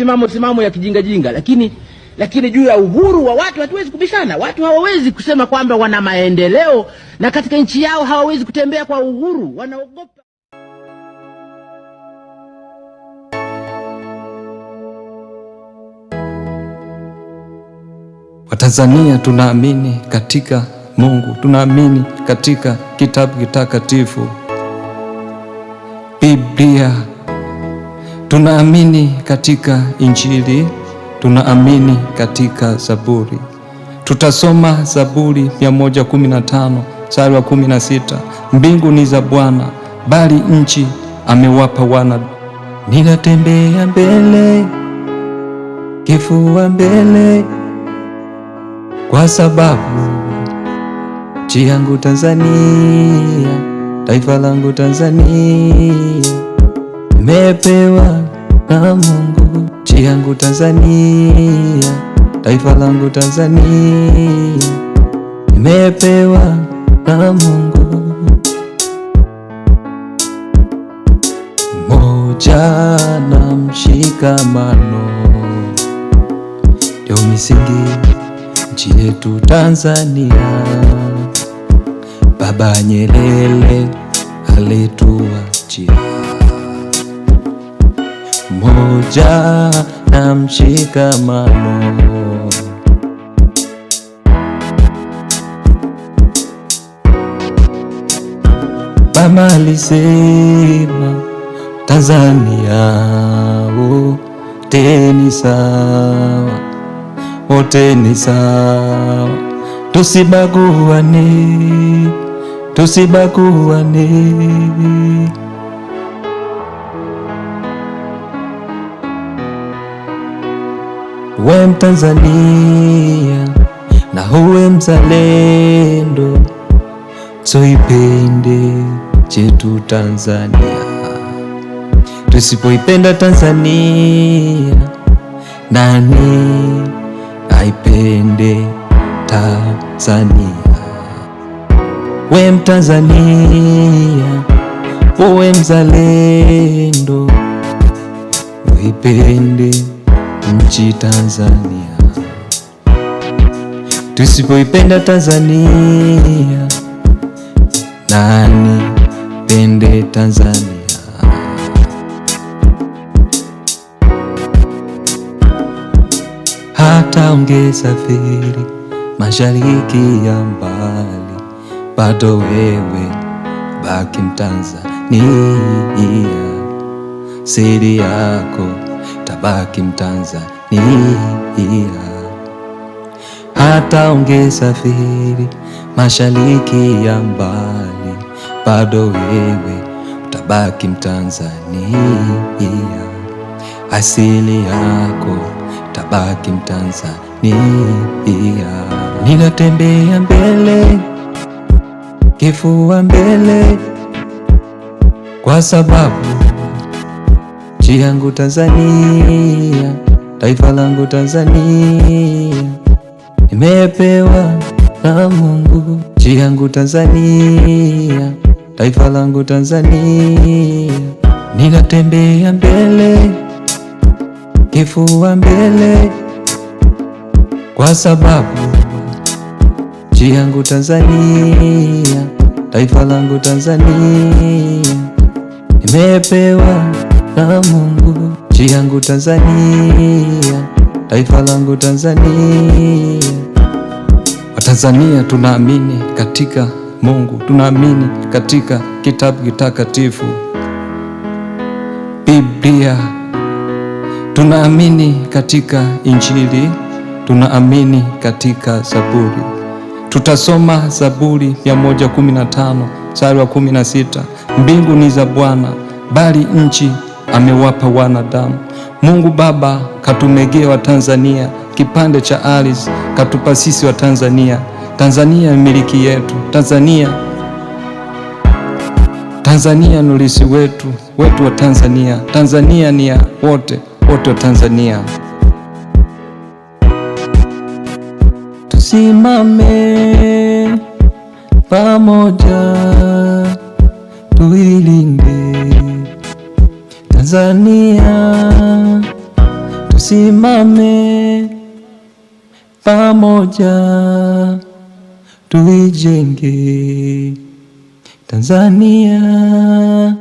misimamo simamo ya kijinga jinga, lakini lakini juu ya uhuru wa watu hatuwezi kubishana. Watu hawawezi kusema kwamba wana maendeleo na katika nchi yao hawawezi kutembea kwa uhuru, wanaogopa. Watanzania tunaamini katika Mungu, tunaamini katika kitabu kitakatifu Biblia. Tunaamini katika Injili, tunaamini katika Zaburi. Tutasoma Zaburi 115 mstari wa 16, mbingu ni za Bwana, bali nchi amewapa wana. Ninatembea mbele, kifua mbele, kwa sababu nchi yangu Tanzania, taifa langu Tanzania Nimepewa na Mungu nchi yangu Tanzania, taifa langu Tanzania, nimepewa na Mungu. Moja na mshikamano ndio misingi nchi yetu Tanzania. Baba Nyerere alituachia moja na mshikamano. Mama alisema Tanzania wote ni sawa, wote ni sawa, tusibaguane, tusibaguane we Mtanzania na uwe mzalendo, tuipende chetu Tanzania. Tusipoipenda Tanzania, nani aipende Tanzania? We Mtanzania, uwe mzalendo, uipende nchi Tanzania. Tusipoipenda Tanzania, nani pende Tanzania? Hata ungesafiri mashariki ya mbali, bado wewe baki Mtanzania. Siri yako utabaki Mtanzania hata ungesafiri mashariki ya mbali, bado wewe utabaki Mtanzania, asili yako utabaki Mtanzania. Ninatembea mbele, kifua mbele, kwa sababu nchi yangu Tanzania, taifa langu Tanzania, nimepewa na Mungu. Nchi yangu Tanzania, taifa langu Tanzania, ninatembea mbele, kifua mbele, kwa sababu nchi yangu Tanzania, taifa langu Tanzania, nimepewa na Mungu. Nchi yangu Tanzania, taifa langu Tanzania. Watanzania tunaamini katika Mungu, tunaamini katika kitabu kitakatifu Biblia, tunaamini katika Injili, tunaamini katika Zaburi. Tutasoma Zaburi 115 mstari wa 16, mbingu ni za Bwana, bali nchi amewapa wanadamu. Mungu Baba katumegea Tanzania kipande cha ardhi, katupa sisi wa Tanzania. Tanzania ni miliki yetu, Tanzania Tanzania ni ulisi wetu, wetu wa Tanzania. Tanzania ni ya wote, wote wa Tanzania. Tusimame pamoja, tuilinde Tanzania tusimame pamoja, tuijenge Tanzania